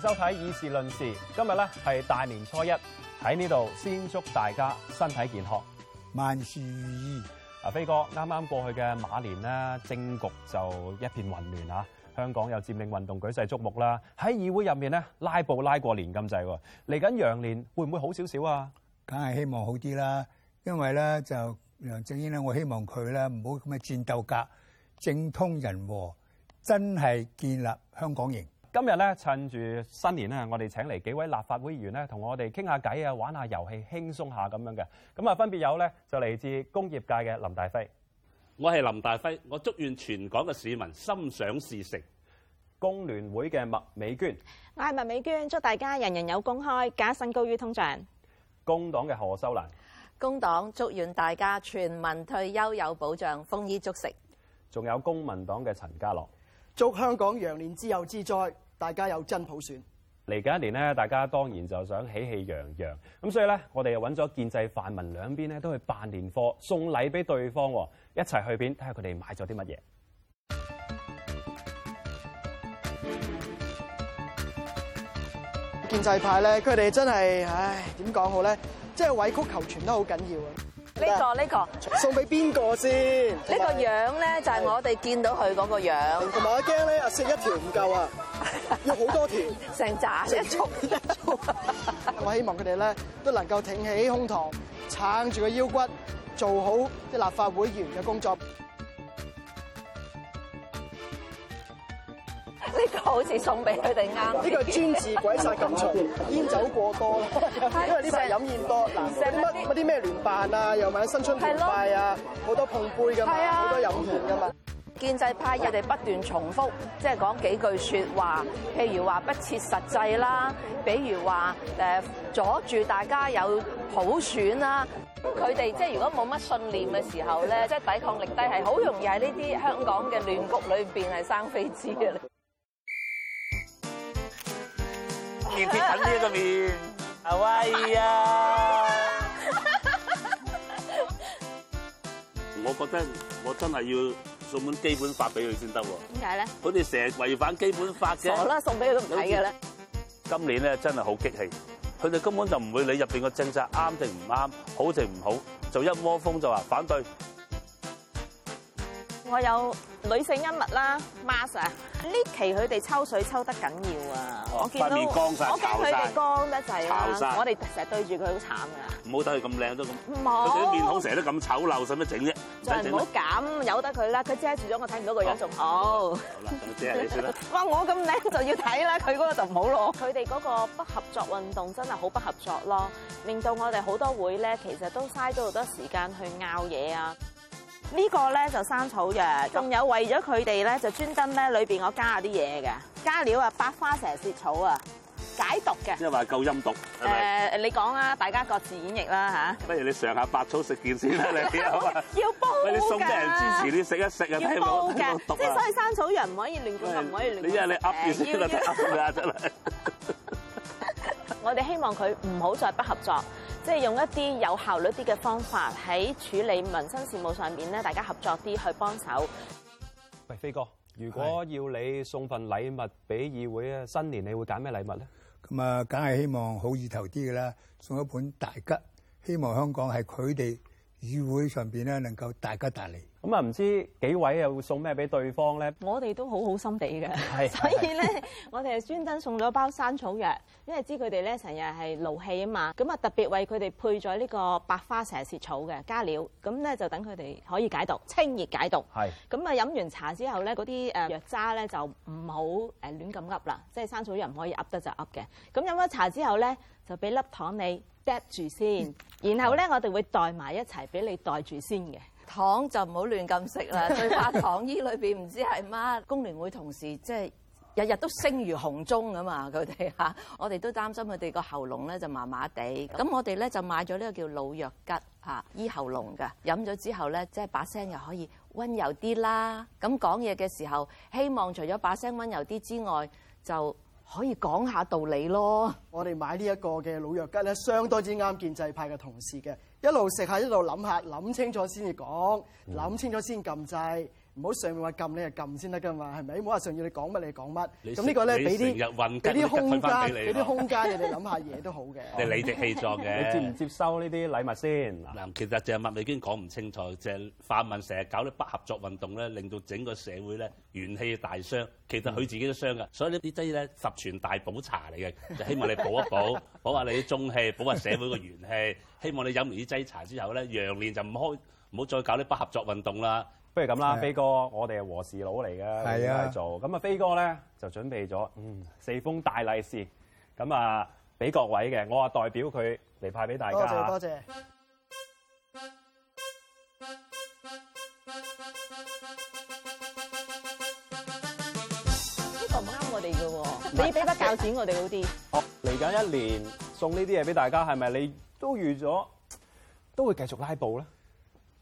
收睇議事論事，今日咧係大年初一，喺呢度先祝大家身體健康，萬事如意。阿飛哥啱啱過去嘅馬年啦，政局就一片混亂啊！香港又佔領運動，舉世矚目啦。喺議會入面咧，拉布拉過年咁滯喎。嚟緊羊年會唔會好少少啊？梗係希望好啲啦，因為咧就梁振英咧，我希望佢咧唔好咁嘅戰鬥格，政通人和，真係建立香港營。今日咧，趁住新年咧，我哋請嚟幾位立法會議員咧，同我哋傾下偈啊，玩下遊戲，輕鬆一下咁樣嘅。咁啊，分別有咧，就嚟自工業界嘅林大輝。我係林大輝，我祝願全港嘅市民心想事成。工聯會嘅麥美娟，我係麥美娟，祝大家人人有工開，加薪高於通脹。工黨嘅何秀蘭，工黨祝願大家全民退休有保障，豐衣足食。仲有公民黨嘅陳家洛，祝香港羊年自由自在。大家有真普選，嚟緊一年咧，大家當然就想喜氣洋洋咁，所以咧，我哋又揾咗建制、泛民兩邊咧，都去辦年貨送禮俾對方，一齊去邊睇下佢哋買咗啲乜嘢？建制派咧，佢哋真係唉，點講好咧，即係委曲求全都好緊要啊！呢個呢個送俾邊個先？呢個樣咧就係我哋是見到佢嗰個樣，同埋我驚咧阿，食一條唔夠啊！要好多條，成紮一束一束。我希望佢哋咧都能夠挺起胸膛，撐住個腰骨，做好啲立法會議員嘅工作。呢個好似送俾佢哋啱。呢個專治鬼殺禽蟲，煙酒過多，因為呢排飲宴多，嗱整，乜乜啲咩聯辦啊，又咪新春團拜啊，好對了 多碰杯噶嘛，好對了 多飲宴噶嘛。建制派人哋不斷重複，即係講幾句説話，譬如話不切實際啦，比如話誒阻住大家有普選啦。咁佢哋即係如果冇乜信念嘅時候咧，即係抵抗力低，係好容易喺呢啲香港嘅亂局裏邊係生飛滋嘅。面貼緊呢一個面，係啊！我覺得我真係要。基本法俾佢先得喎，點解咧？佢哋成日違反基本法啫。傻啦，送俾佢都唔睇嘅咧。今年咧真係好激氣，佢哋根本就唔會理入邊個政策啱定唔啱，好定唔好，就一窩蜂就話反對。我有女性恩物啦，Marsha。呢期佢哋抽水抽得緊要啊！我見到我驚佢哋光得滯啦，我哋成日對住佢好慘啊。唔好睇佢咁靚都咁，佢啲面孔成日都咁醜陋，使乜整啫？唔好咁，由得佢啦，佢遮住咗我睇唔到個樣仲好。好啦，即係你算啦。哇！我咁靚就要睇啦，佢嗰個就唔好囉。佢哋嗰個不合作運動真係好不合作咯，令到我哋好多會咧，其實都嘥咗好多時間去拗嘢啊。呢個咧就生草藥，仲有為咗佢哋咧就專登咧裏邊我加啊啲嘢嘅，加料啊百花蛇舌草啊解毒嘅，即係話夠陰毒。誒，你講啊，大家各自演繹啦吓？不如你嘗下百草食件先啦，你嗎要煲嘅你，嘅。餵！你送啲人支持，你食一食啊，聽我講。嘅，即係所以生草藥唔可以亂用，唔可以亂。以亂你一係你噏住不先啦不，噏出嚟。我哋希望佢唔好再不合作。即係用一啲有效率啲嘅方法喺處理民生事務上面，咧，大家合作啲去幫手。喂，飛哥，如果要你送份禮物俾議會啊，的新年你會揀咩禮物咧？咁啊，梗係希望好意頭啲嘅啦，送一本大吉，希望香港係佢哋。議會上邊咧能夠大吉大利，咁啊唔知幾位又會送咩俾對方咧？我哋都好好心地嘅， 所以咧我哋係專登送咗包山草藥，因為知佢哋咧成日係勞氣啊嘛，咁啊特別為佢哋配咗呢個白花蛇舌草嘅加料，咁咧就等佢哋可以解毒、清熱解毒。係是，咁啊飲完茶之後咧，嗰啲誒藥渣咧就唔好誒亂咁噏啦，即係山草藥唔可以噏得就噏嘅。咁飲咗茶之後咧，就俾粒糖你住先，然後咧我哋會袋埋一齊俾你袋住先。嘅糖就唔好亂咁食啦， 最怕糖衣裏邊唔知係乜。 工聯會同事即係日日都聲如洪鐘啊嘛，佢哋吓，我哋都擔心佢哋個喉嚨咧就麻麻地。咁我哋咧就買咗呢個叫老藥桔嚇，醫、啊、喉嚨嘅，飲咗之後咧即係把聲又可以温柔啲啦。咁講嘢嘅時候，希望除咗把聲温柔啲之外，就可以講下道理囉。我哋買呢一個嘅老藥桔呢，相當之啱建制派嘅同事嘅，一路食下一路諗下，諗清楚先至講，諗、嗯、清楚先撳掣。唔好上面話撳你係撳先得㗎嘛，係咪？唔好話上面要你講乜你係講乜。咁呢個咧俾啲俾啲空間俾啲空間，你哋諗下嘢都好嘅，你理直氣壯嘅。你接唔接收呢啲禮物先嗱？其實就係麥美娟已經講唔清楚，就係泛民成日搞啲不合作運動咧，令到整個社會咧元氣大傷。其實佢自己都傷㗎，所以呢啲劑咧，十全大補茶嚟嘅，就希望你補一補，補下你啲中氣，補下社會個元氣。希望你飲完呢劑茶之後咧，羊年就唔開，唔好再搞啲不合作運動啦。不如咁啦，啊、飛哥，我哋係和事佬嚟嘅，咁嚟、啊、做。咁啊，飛哥咧就準備咗、嗯、四封大利是，咁啊俾各位嘅。我啊代表佢嚟派俾大家。多謝多謝。呢個唔啱我哋嘅喎，是你俾筆教錢我哋好啲。哦，嚟緊一年送呢啲嘢俾大家，係咪你都預咗都會繼續拉布咧？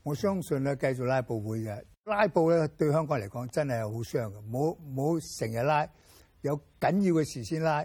我相信咧，繼續拉布會嘅拉布咧，對香港嚟講真係好傷嘅。唔好唔好成日拉，有緊要嘅事先拉。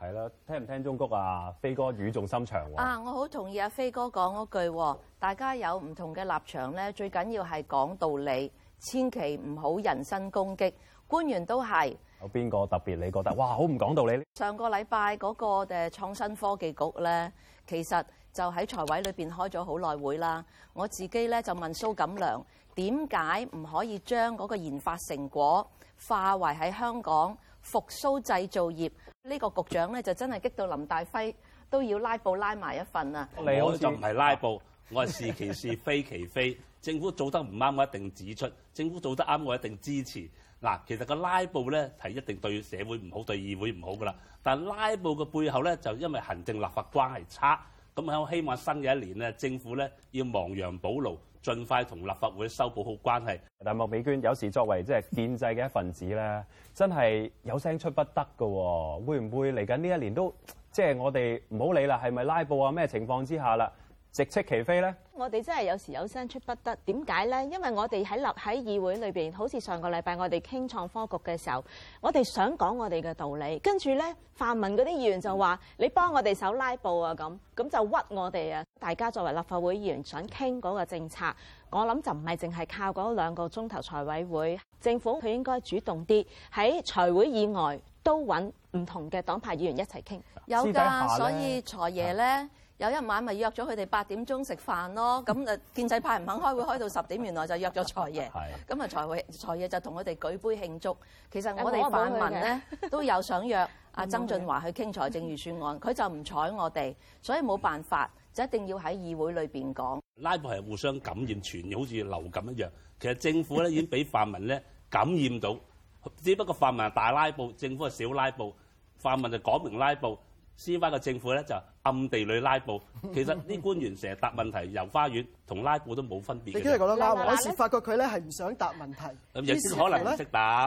係咯，聽唔聽中谷啊？飛哥語重心長喎、哦。啊，我好同意啊，飛哥講嗰句，大家有唔同嘅立場咧，最緊要係講道理，千祈唔好人身攻擊。官員都係。有邊個特別你覺得，哇，好唔講道理？上個禮拜嗰個嘅創新科技局咧，其實。就喺財委裏邊開咗好耐會啦。我自己咧就問蘇錦樑點解唔可以將嗰個研發成果化為喺香港復甦製造業呢、呢個局長咧就真係激到林大輝都要拉布拉埋一份啊！好，我就唔係拉布，我係是，是其是非其非，非。 政府做得唔啱，我一定指出；政府做得啱，我一定支持。嗱，其實個拉布咧係一定對社會唔好，對議會唔好噶啦。但拉布嘅背後咧就因為行政立法關係差。咁我希望新嘅一年咧，政府咧要亡羊補牢，盡快同立法會修補好關係。但麥美娟，有時作為即係建制嘅一份子咧，真係有聲出不得㗎、哦。喎，會唔會嚟緊呢一年都即係、就是、我哋唔好理啦，係咪拉布啊咩情況之下啦？直斥其非咧，我哋真係有時有聲出不得，點解咧？因為我哋喺立喺議會裏邊，好似上個禮拜我哋傾創科局嘅時候，我哋想講我哋嘅道理，跟住咧泛民嗰啲議員就話：嗯、你幫我哋手拉布啊咁，咁就屈我哋啊！大家作為立法會議員想傾嗰個政策，我諗就唔係淨係靠嗰兩個鐘頭財委會，政府佢應該主動啲喺財會以外都揾唔同嘅黨派議員一齊傾。有㗎的，呢，所以財爺咧。有一晚咪約咗佢哋八點鐘食飯咯，咁誒建制派唔肯開會開到十點，原來就約咗財爺，咁啊是的 財委財爺就同佢哋舉杯慶祝。其實我哋泛民咧、哎、 都有想約阿曾俊華去傾財政預算案，佢就唔睬我哋，所以冇辦法就一定要喺議會裏邊講。拉布係互相感染傳染，好似流感一樣。其實政府咧已經俾泛民咧感染到，只不過泛民係大拉布，政府係小拉布，泛民就講明拉布，先翻嘅政府咧就暗地裏拉布。其實啲官員成日答問題遊花園同拉布都冇分別。你幾時覺得啱？我嗰時發覺佢咧係唔想答問題，於是乎咧，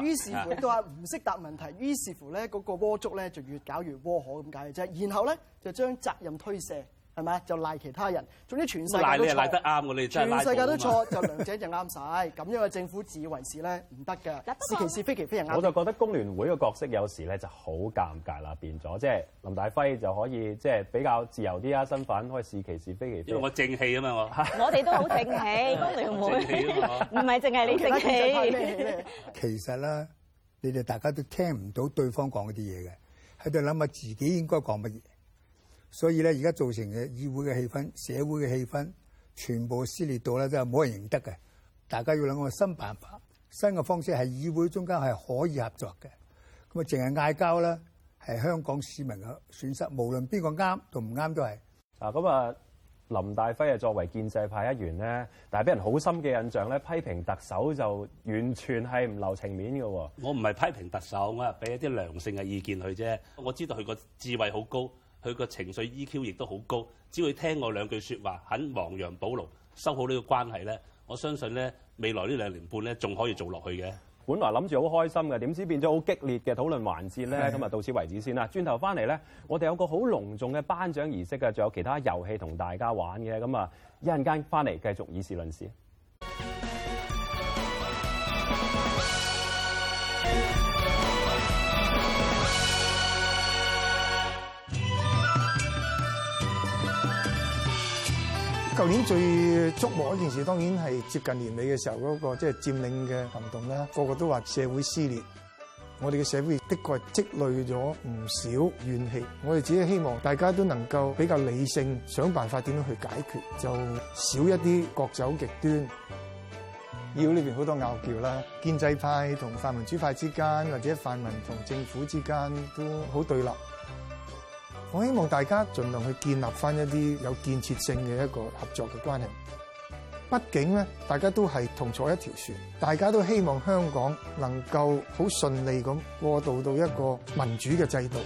於是乎都話唔識答問題， 於是乎咧嗰個鍋粥咧就越搞越渦河咁解嘅啫。然後咧就將責任推卸。係咪？就賴其他人，總之全世界都錯。賴你係賴得啱你得全世界都錯，就梁者就啱晒。咁樣嘅政府自以為是咧，唔得㗎。是其是非其非，人啱。我就覺得工聯會嘅角色有時咧就好尷尬啦，變咗即係林大輝就可以即係、就是、比較自由啲啊，身份可以是其是非其。因為我正氣啊嘛，我， 我。我哋都好正氣，工聯會。唔係淨係你正氣。其實咧，你哋大家都聽唔到對方講嗰啲嘢嘅，喺度諗下自己應該講乜嘢。所以咧，而家造成嘅議會嘅氣氛、社會嘅氣氛，全部撕裂到咧，真係冇人認得嘅。大家要諗個新辦法、新嘅方式，係議會中間係可以合作嘅。咁啊，淨係嗌交咧，係香港市民嘅損失，無論邊個啱同唔啱都係。嗱，咁啊，林大輝啊，作為建制派一員咧，但係俾人好深嘅印象咧，批評特首就完全係唔留情面嘅喎。我唔係批評特首，我係俾一啲良性嘅意見佢啫。我知道佢個智慧好高。佢個情緒 EQ 亦都好高，只要聽我兩句説話，肯亡羊補牢，修好呢個關係咧。我相信咧，未來呢兩年半咧，仲可以做落去嘅。本來諗住好開心嘅，點知變咗好激烈嘅討論環節咧。咁啊的，到此為止先啦。轉頭翻嚟咧，我哋有個好隆重嘅頒獎儀式啊，仲有其他遊戲同大家玩嘅。咁啊，一陣間翻嚟繼續議事論事。舊年最觸目一件事，當然係接近年尾嘅時候嗰、那個即係、就是、佔領嘅行動啦。個個都話社會撕裂，我哋嘅社會的確積累咗唔少怨氣。我哋只係希望大家都能夠比較理性，想辦法點樣去解決，就少一啲各走極端。議會裏邊好多拗撬啦，建制派同泛民主派之間，或者泛民同政府之間都好對立。我希望大家盡量去建立返一啲有建設性嘅一個合作嘅關係。畢竟咧，大家都係同坐一條船，大家都希望香港能夠好順利咁過渡到一個民主嘅制度。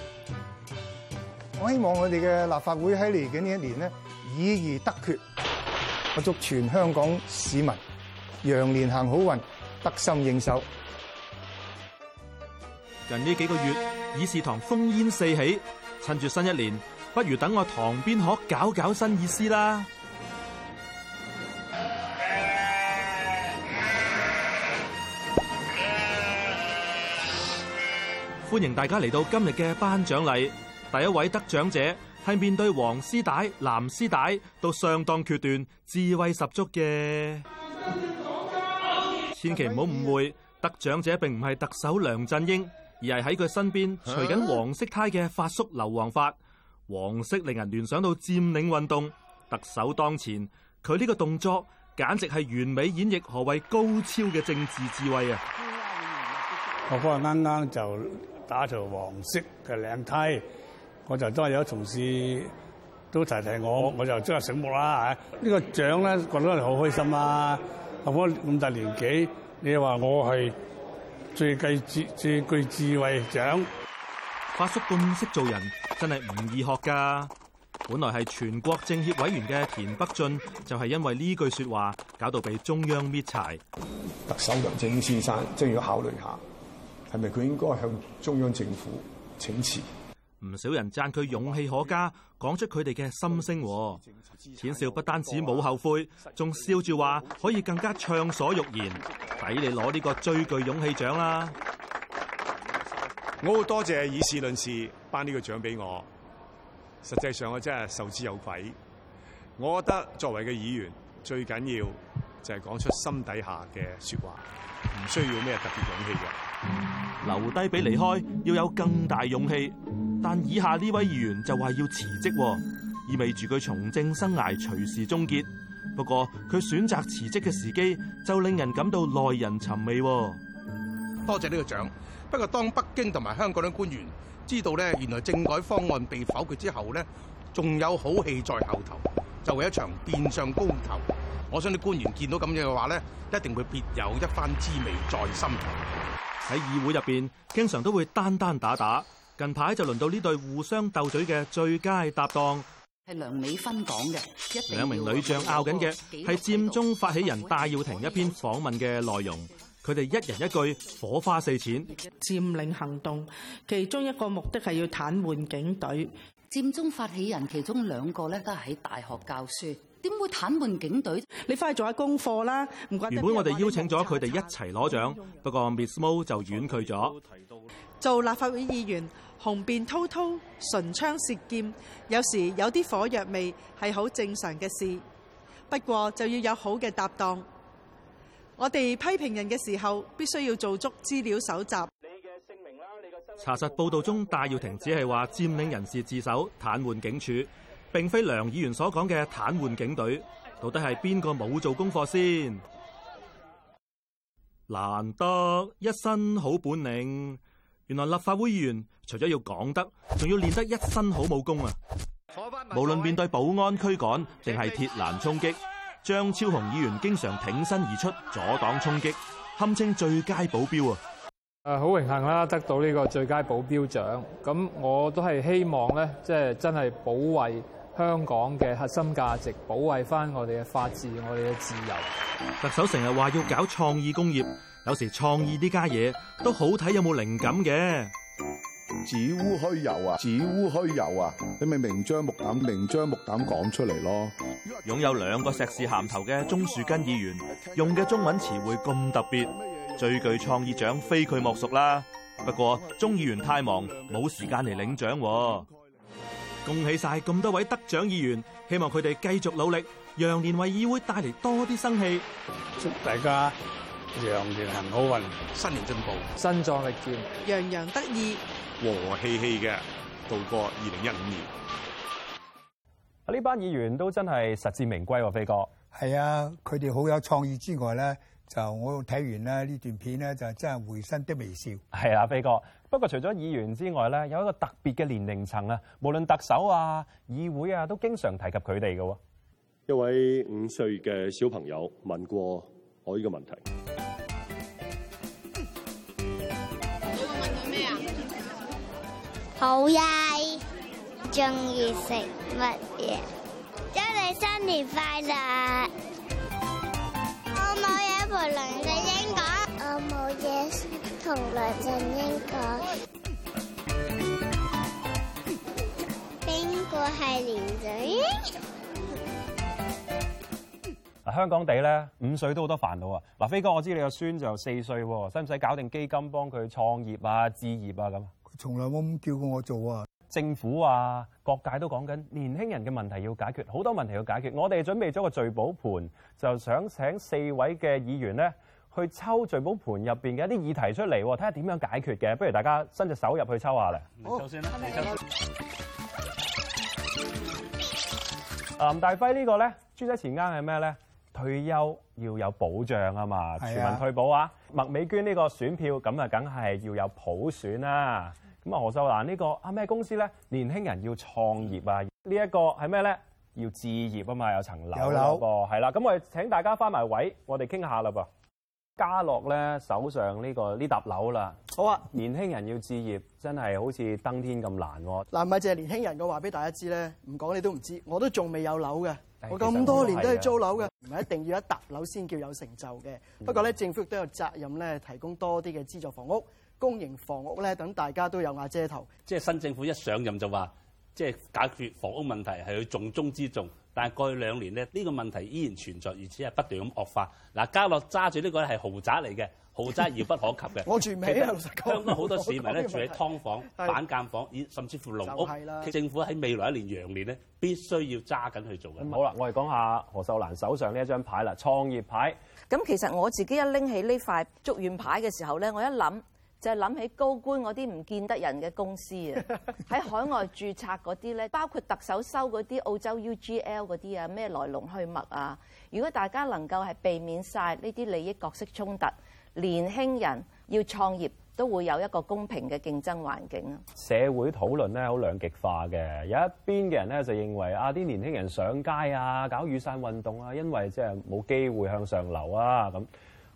我希望我哋嘅立法會喺嚟緊呢一年呢，以議而得決。我祝全香港市民羊年行好運，得心應手。近呢幾個月，議事堂烽煙四起。趁住新一年，不如等我堂邊學搞搞新意思啦！歡迎大家嚟到今日嘅頒獎禮，第一位得獎者係面對黃絲帶、藍絲帶都相當決斷、智慧十足嘅。千祈唔好誤會，得獎者並唔係特首梁振英。而係喺佢身邊，除緊黃色呔嘅發叔劉皇發，黃色令人聯想到佔領運動，特首當前，佢呢個動作簡直係完美演繹何謂高超嘅政治智慧啊！我方啱啱就打咗黃色嘅領呔，我就都係有同事，都提提我，我就真係醒目啦嚇，呢、呢個獎咧，覺得係好開心啊！我方咁大年紀，你又話我係。最具智最具智慧獎，發叔公識做人，真係唔易學㗎。本來係全國政協委員嘅田北俊，就係、是、因為呢句說話，搞到俾中央搣柴。特首梁振英先生，正、就、係、是、要考慮下，係咪佢應該向中央政府請辭？唔少人讚佢勇氣可嘉，講出佢哋嘅心聲。田少不單止冇後悔，仲笑住話可以更加暢所欲言，抵你攞呢個最具勇氣獎啦！我好多謝議事論事頒呢個獎俾我。實際上我真係受之有愧。我覺得作為嘅議員，最緊要就係講出心底下嘅說話，唔需要咩特別勇氣嘅。留低比離開要有更大勇氣，但以下呢位議員就話要辭職，意味住佢從政生涯隨時終結。不過佢選擇辭職嘅時機就令人感到耐人尋味。多謝呢個獎。不過當北京同埋香港嘅官員知道呢，原來政改方案被否決之後呢，仲有好戲在後頭，就會一場變相公投。我想啲官員見到咁樣嘅話呢，一定會別有一番滋味在心頭。喺議會入邊，經常都會單單打打。近排就輪到呢對互相鬥嘴嘅最佳搭檔。係梁美芬講嘅。兩名女將拗緊嘅係佔中發起人戴耀廷一篇訪問嘅內容。佢哋一人一句，火花四濺。佔領行動其中一個目的係要癱瘓警隊。佔中發起人其中兩個呢，都係喺大學教書。點會癱瘓警隊？你翻去做下功課啦，唔該。原本我哋邀請咗佢哋一齊攞獎，不過 Miss Mo 就婉拒咗。做立法會議員，雄辯滔滔，唇槍舌劍，有時有啲火藥味係好正常嘅事。不過就要有好嘅搭檔。我哋批評人嘅時候，必須要做足資料搜集。查實報導中，戴耀廷只係話佔領人士自首，癱瘓警署。並非梁議員所講嘅癱瘓警隊，到底係邊個冇做功課先？難得一身好本領，原來立法會議員除咗要講得，仲要練得一身好武功啊！無論面對保安驅趕定係鐵欄衝擊，張超雄議員經常挺身而出阻擋衝擊，堪稱最佳保鏢啊！誒，好榮幸啦，得到呢個最佳保鏢獎，咁我都係希望咧，即係真係保衞。香港嘅核心價值，保衛返我哋嘅法治，我哋嘅自由。特首成日話要搞創意工業，有時創意呢家嘢都好睇有冇靈感嘅。子烏虛有啊！子烏虛有啊！你咪明張目膽明張目膽講出嚟咯！擁有兩個碩士銜頭嘅鍾樹根議員，用嘅中文詞彙咁特別，最具創意獎非佢莫屬啦。不過，中議員太忙，冇時間嚟領獎，啊。恭喜晒咁多位得獎議員，希望佢哋繼續努力，羊年為議會帶嚟多啲生氣。祝大家羊年行好運，新年進步，身壯力健，洋洋得意，和和氣氣嘅度過二零一五年。啊，呢班議員都真係實至名歸，飛哥。係啊，佢哋好有創意之外咧，就我睇完咧呢段片咧，就真係回身的微笑。係啊，飛哥。不過，除咗議員之外咧，有一個特別嘅年齡層啊，無論特首啊、議會啊，都經常提及佢哋嘅喎。一位五歲嘅小朋友問過我呢個問題。嗯、我問你問佢咩啊？好呀，中意食乜嘢？祝你新年快樂！我冇嘢陪兩隻。從來盡英哥，邊個係連嘴？嗱，香港地咧，五歲都好多煩惱啊！嗱，飛哥，我知你個孫就四歲，使唔使搞定基金幫佢創業啊、置業啊咁？從來冇咁叫過我做啊！政府啊，各界都講緊年輕人嘅問題要解決，好多問題要解決。我哋準備咗個聚寶盤，就想請四位嘅議員咧，去抽聚寶盆入邊嘅一啲議題出嚟，哦，睇下點樣解決嘅。不如大家伸隻手入去抽一下啦。好，啦。林大輝這個呢個咧，豬仔前啱係咩咧？退休要有保障啊嘛，啊全民退保啊。麥美娟呢個選票咁啊，梗係要有普選啦。咁啊，何秀蘭呢、這個啊咩公司咧？年輕人要創業啊，這個、是什麼呢一個係咩咧？要置業啊嘛，有層樓。有樓係啦。咁、那個啊、我哋請大家翻埋位，我哋傾下啦噃。家洛咧手上呢、這個呢沓樓啦，好啊！年輕人要置業真係好似登天咁難嗱、啊，唔係淨係年輕人嘅話，俾大家知咧，唔講你都唔知，我都仲未有樓嘅，唉我咁多年都係租樓嘅，唔係一定要一沓樓先叫有成就嘅。 不過咧，政府都有責任咧，提供多啲嘅資助房屋、公營房屋咧，等大家都有瓦遮頭。即係新政府一上任就話，即係解決房屋問題係重中之重。但係過去兩年咧，呢、這個問題依然存在，而且係不斷咁惡化。嗱，家洛揸住呢個係豪宅嚟嘅，豪宅遙不可及嘅。 我住唔起啊！香港好多市民咧住喺劏房、是板間房，甚至乎籠屋。政府喺未來一年羊年咧，必須要揸緊去做嘅、嗯。好啦，我哋講下何秀蘭手上呢一張牌啦，創業牌。咁其實我自己一拎起呢塊祝願牌嘅時候咧，我一諗，就係諗起高官嗰啲唔見得人嘅公司啊，喺海外註冊嗰啲咧，包括特首收嗰啲澳洲 UGL 嗰啲啊，咩來龍去脈啊。如果大家能夠係避免晒呢啲利益角色衝突，年輕人要創業都會有一個公平嘅競爭環境啊。社會討論咧好兩極化嘅，有一邊嘅人咧就認為啊，啲年輕人上街啊，搞雨傘運動啊，因為即係冇機會向上流啊咁。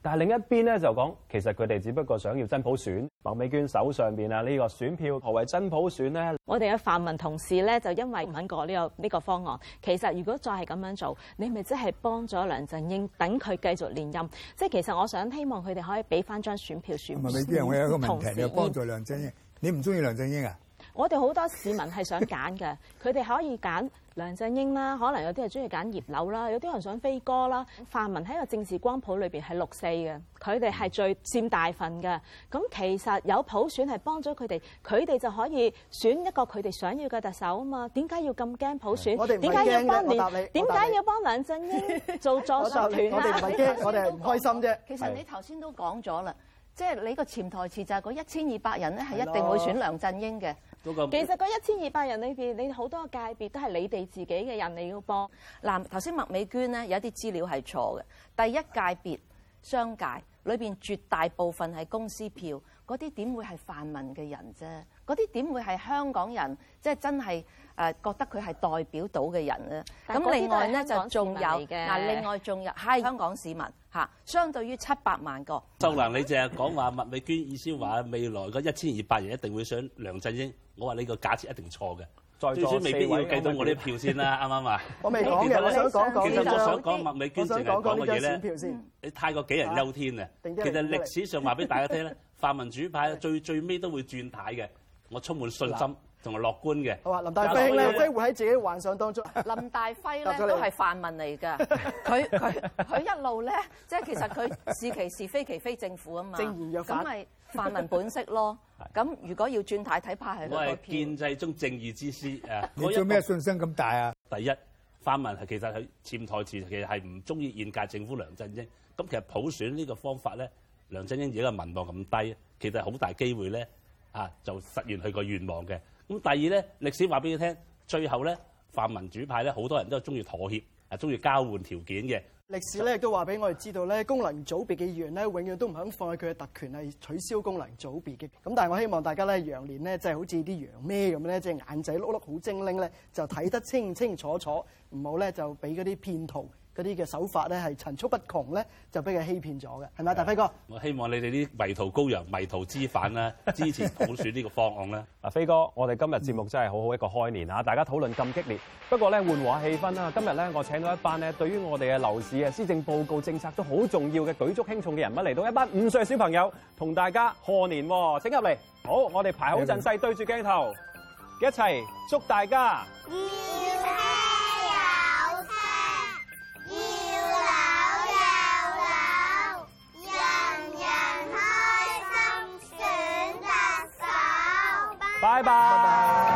但係另一邊咧就講，其實佢哋只不過想要真普選，麥美娟手上邊啊呢個選票何為真普選咧？我哋嘅泛民同事咧就因為唔肯過呢、呢個呢、呢個方案。其實如果再係咁樣做，你咪即係幫咗梁振英，等佢繼續連任。即係其實我想希望佢哋可以俾翻張選票選。唔係未必我有一個問題，又幫助梁振英。你唔中意梁振英啊？我哋好多市民係想揀嘅，佢哋 可以揀。梁振英啦，可能有啲係中意揀熱樓啦，有啲人想飛歌啦。泛民喺個政治光譜裏面係六四嘅，佢哋係最佔大份嘅。咁其實有普選係幫咗佢哋，佢哋就可以選一個佢哋想要嘅特首啊嘛。點解要咁驚普選？我哋唔驚。點解要幫你？點解要幫梁振英做助手團 我？我哋唔驚，我哋係唔開心啫。其實你頭先都講咗啦，的即係你個潛台詞就係嗰一千二百人咧係一定會選梁振英嘅。其實嗰一千二百人裏邊，你好多界別都係你哋自己嘅人，你要幫。嗱，頭先麥美娟咧，有啲資料係錯嘅。第一界別商界裏邊絕大部分係公司票，嗰啲點會係泛民嘅人啫？嗰啲點會係香港人？即係真係。誒覺得佢係代表到嘅人咧，咁另外咧就仲有嗱，另外仲有係香港市民嚇，相對於七百萬個。周良，你淨係講話麥美娟意思話未來嗰一千二百人一定會想梁振英，我話呢個假設一定錯嘅。未必座四到我票先啦。啱啱其實我想講講，其實我想講說麥美娟淨係講嘅嘢咧，票先你太過杞人憂天啊！其實歷史上話俾大家聽咧， 泛民主派最最尾都會轉軚嘅，我充滿信心。同埋樂觀嘅。好啊，林大輝咧，大輝會喺自己幻想當中。林大輝咧都係泛民嚟㗎。佢佢佢一路咧，即係其實佢是其是非其非政府啊嘛。正咁咪泛民本色咯。咁如果要轉態睇怕係落個票。我係建制中正義之師誒。你做咩信心咁大啊？第一泛民係其實佢潛台詞其實係唔中意現屆政府梁振英。咁其實普選呢個方法咧，梁振英而家個民望咁低，其實好大機會咧啊，就實現佢個願望嘅。咁第二咧，歷史話俾你聽，最後咧，泛民主派咧，好多人都係中意妥協，啊，中意交換條件嘅。歷史咧亦都話俾我哋知道咧，功能組別嘅議員咧，永遠都唔肯放棄佢嘅特權，係取消功能組別嘅。咁但係我希望大家咧，呢就是、羊年咧，即係好似啲羊咩咁咧，即係眼仔碌碌好精靈咧，就睇得清清楚楚，唔好咧就俾嗰啲騙徒。嗰啲嘅手法咧係層出不窮咧，就俾佢欺騙咗嘅，係咪，是的大輝哥？我希望你哋啲迷途羔羊、迷途知返啦、啊，支持普選呢個方案啦。嗱， 輝哥，我哋今日節目真係好好一個開年啊，大家討論咁激烈。不過咧，緩和氣氛啦。今日咧，我請到一班咧，對於我哋嘅樓市啊、施政報告政策都好重要嘅舉足輕重嘅人物嚟到，一班五歲的小朋友同大家賀年喎、哦。請入嚟，好，我哋排好陣勢，對住鏡頭，一齊祝大家。 拜拜。